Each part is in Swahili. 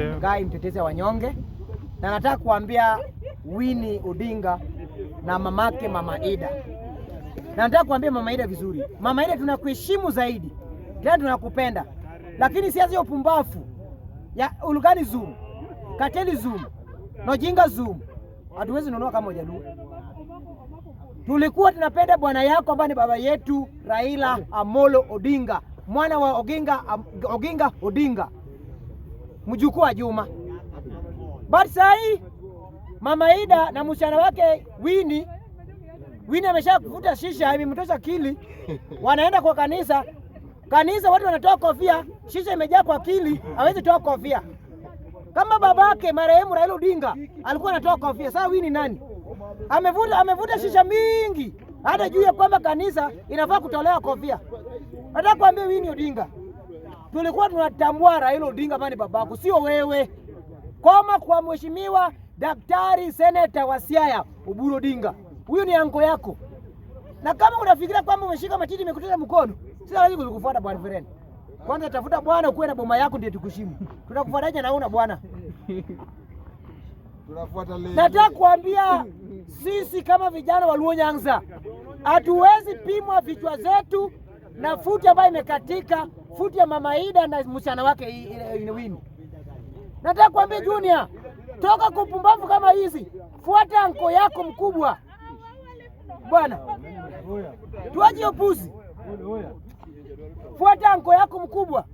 ngai mtetezi wanyonge, na nataka kuambia Winnie Odinga na mamake Mama Ida, na nataka kuambia Mama Ida vizuri. Mama Ida, tunakuheshimu zaidi, tena tunakupenda, lakini siaziyo pumbafu ya ulugani zoom kateli zoom nojinga zoom, hatuwezi nunua kama ujaluo. Tulikuwa tunapenda bwana yako ambaye ni baba yetu Raila Amolo Odinga, mwana wa Oginga, Oginga Odinga mjukuu wa Juma. But saa hii mama Ida na msichana wake Wini, Wini amesha kuvuta shisha, imemtosha kili, wanaenda kwa kanisa. Kanisa watu wanatoa kofia, shisha imejaa kwa kili, hawezi toa kofia kama babake marehemu Raila Odinga alikuwa anatoa kofia. Sasa Wini nani amevuta, amevuta shisha mingi hata juu ya kwamba kanisa inafaa kutolewa kofia. Nataka kuambia Wini Odinga tulikuwa tunatambua Raila Odinga mani babako, sio wewe. Koma kwa mheshimiwa daktari seneta wa Siaya Oburu Odinga, huyu ni anko yako, na kama unafikiria kwamba umeshika matiti imekutana mkono, sina lazima kukufuata bwana Fereni. Kwanza tafuta bwana, ukuwe na boma yako ndio tukushimu. Tunakufuataje na una bwana? Tunafuata leo. Nataka kuambia sisi kama vijana wa Luo Nyanza hatuwezi pimwa vichwa zetu na futi ambayo imekatika futi ya mama Ida na msichana wake Inewini. Nataka kuambia Junior, toka kupumbavu kama hizi, fuata anko yako mkubwa bwana, tuaje upuzi, fuata anko yako mkubwa,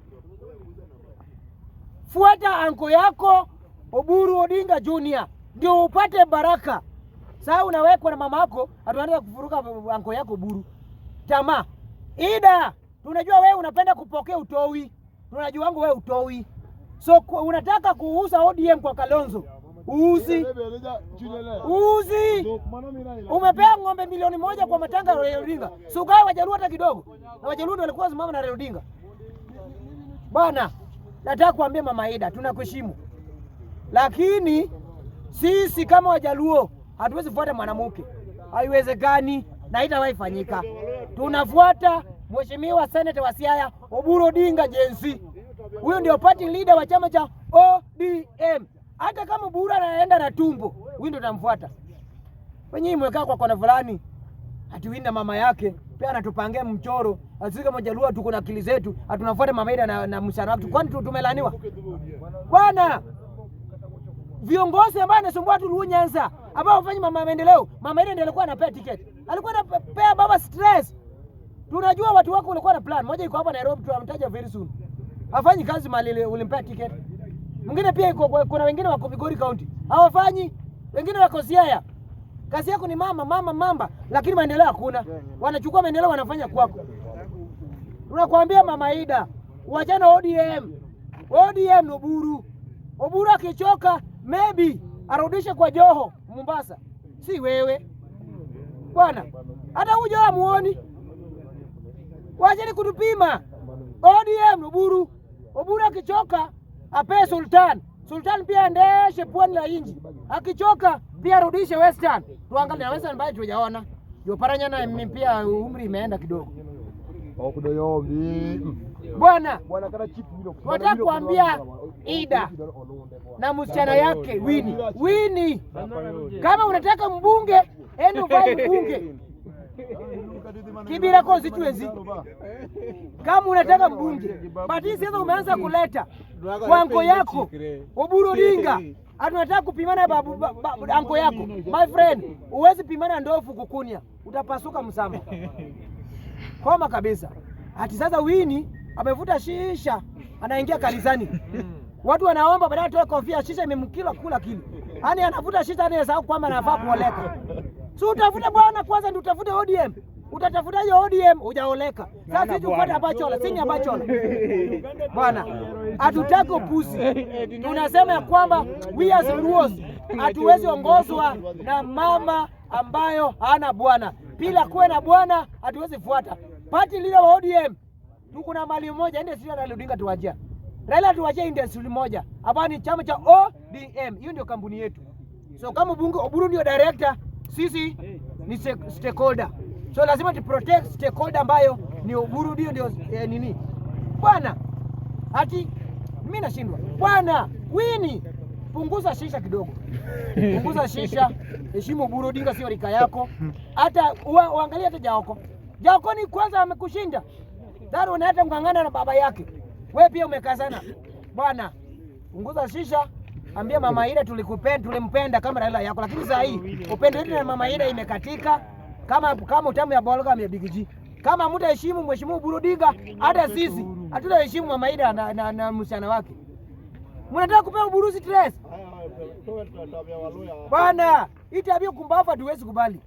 fuata anko yako Oburu Odinga Junior ndio upate baraka. Sasa unawekwa na mama yako, atuanza kufuruka anko yako Oburu. Tamaa Ida tunajua wewe unapenda kupokea utowi tunajua wangu wewe utowi so unataka kuuza ODM kwa Kalonzo. Uzi uzi, umepea ng'ombe milioni moja kwa matanga ya Raila Odinga, so ugawe Wajaluo hata kidogo, na Wajaluo ndio walikuwa simama na Raila Odinga. Bwana, nataka kuambia Mama Ida, tunakuheshimu, lakini sisi kama Wajaluo hatuwezi kufuata mwanamke, haiwezekani na haitawahi fanyika. Tunafuata mheshimiwa seneta wa Siaya Oburu Odinga Jensi, huyu ndio party leader wa chama cha ODM. Hata kama bura anaenda na tumbo, huyu ndio tunamfuata. Wenyewe mwekaa kwa kona fulani, atiwinda mama yake pia anatupangia mchoro asika majalua, tuko na akili zetu, atunafuata mama ida na, na msana wake, kwani tumelaniwa bwana viongozi ambao anasumbua tu Luo Nyanza ambao wafanyi mama maendeleo. Mama ile ndiye alikuwa anapea ticket, alikuwa anapea baba stress. Tunajua watu wako walikuwa na plan moja, iko hapa Nairobi, tu amtaja very soon, hafanyi kazi mali ile ulimpea ticket. Mwingine pia iko, kuna wengine wako Migori County hawafanyi, wengine wako Siaya. Kazi yako ni mama mama mamba, lakini maendeleo hakuna. Wanachukua maendeleo wanafanya kwako. Tunakwambia mama Ida, wachana ODM. ODM ni Oburu. Oburu akichoka maybe arudishe kwa Joho Mombasa, si wewe bwana. Hata huyo hamuoni, wacheni kutupima. ODM Oburu, Oburu akichoka apee Sultan, Sultan pia aendeshe pwani la inji, akichoka pia arudishe Western, tuangalie na Western ambaye tujaona. Joparanya na pia umri imeenda kidogo. Bwana kuambia Ida na msichana yake Wini Wini, kama unataka mbunge ende uvae mbunge Kibira constituency, kama unataka mbunge batini. Sasa umeanza kuleta wanko yako Oburu Odinga atunataka kupimana babu, anko yako my friend, uwezi pimana ndofu kukunya, utapasuka msama koma kabisa. Ati sasa wini amevuta shisha anaingia kanisani mm. watu wanaomba baadaye atoe kofia, shisha imemkila kula kili yaani anavuta shisha anasahau kwamba anafaa kuoleka. Si utafuta bwana kwanza, ndio utafute ODM. Utatafuta ODM hujaoleka. Sasa hizi upate abachola sini abachola bwana, hatutaki upuzi. Tunasema ya kwamba we as rules hatuwezi ongozwa na mama ambayo hana bwana bila kuwe na bwana hatuwezi fuata pati lile wa ODM. Tuko na mali moja industry ya Raila Odinga tuwajia. Raila tuwajia industry moja. Hapa ni chama cha ODM. Hiyo ndio kampuni yetu. So kama bunge Oburu ndio director, sisi ni stakeholder. So lazima tu protect stakeholder ambayo ni Oburu ndio ndio eh, nini? Bwana. Ati mimi nashindwa. Bwana, wini punguza shisha kidogo. Punguza shisha heshimu Oburu Odinga, sio rika yako. Hata uangalie hata Jaoko, Jaoko ni kwanza amekushinda Daru, na hata mkangana na baba yake, Wewe pia umekaa sana bwana. Punguza shisha, ambia mama ile tulikupenda, tulimpenda kama Raila yako, lakini saa hii upendo wetu na mama ile imekatika kama kama utamu ya bologa ya bigiji. Kama mtaheshimu mheshimu Oburu Odinga, hata sisi hatuna hatutaheshimu mama ile na, na, na, na msichana wake. Mnataka kupewa Oburu stress Bana, hii tabia kumbavu hatuwezi kubali.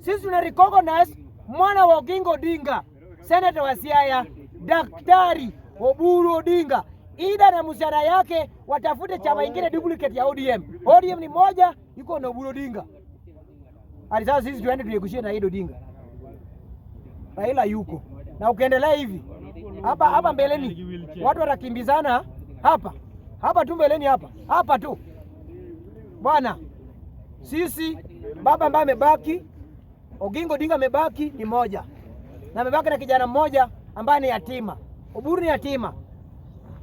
Sisi tuna recognize mwana wa Oginga Odinga, seneta wa Siaya, Daktari Oburu Odinga, ida na mshahara yake watafute chama ingine duplicate ya ODM. ODM ni moja, iko na Oburu Odinga. Hadi sasa sisi tuende tuegushie na Ido Odinga. Raila yuko na ukiendelea hivi hapa hapa mbeleni watu watakimbizana hapa hapa tu mbeleni hapa hapa tu Bwana, sisi baba ambaye amebaki Ogingo dinga amebaki ni moja, na amebaki na kijana mmoja ambaye ni yatima. Oburu ni yatima.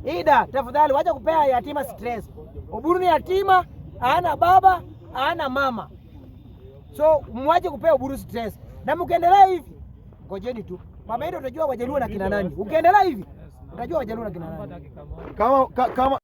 Ida, tafadhali wacha kupea yatima stress. Oburu ni yatima, hana baba, hana mama, so mwache kupea Oburu stress. Na mkiendelea hivi, ngojeni tu mama hilo utajua Wajaluo na kina nani. Ukiendelea hivi utajua Wajaluo na kina nani. kama, kama...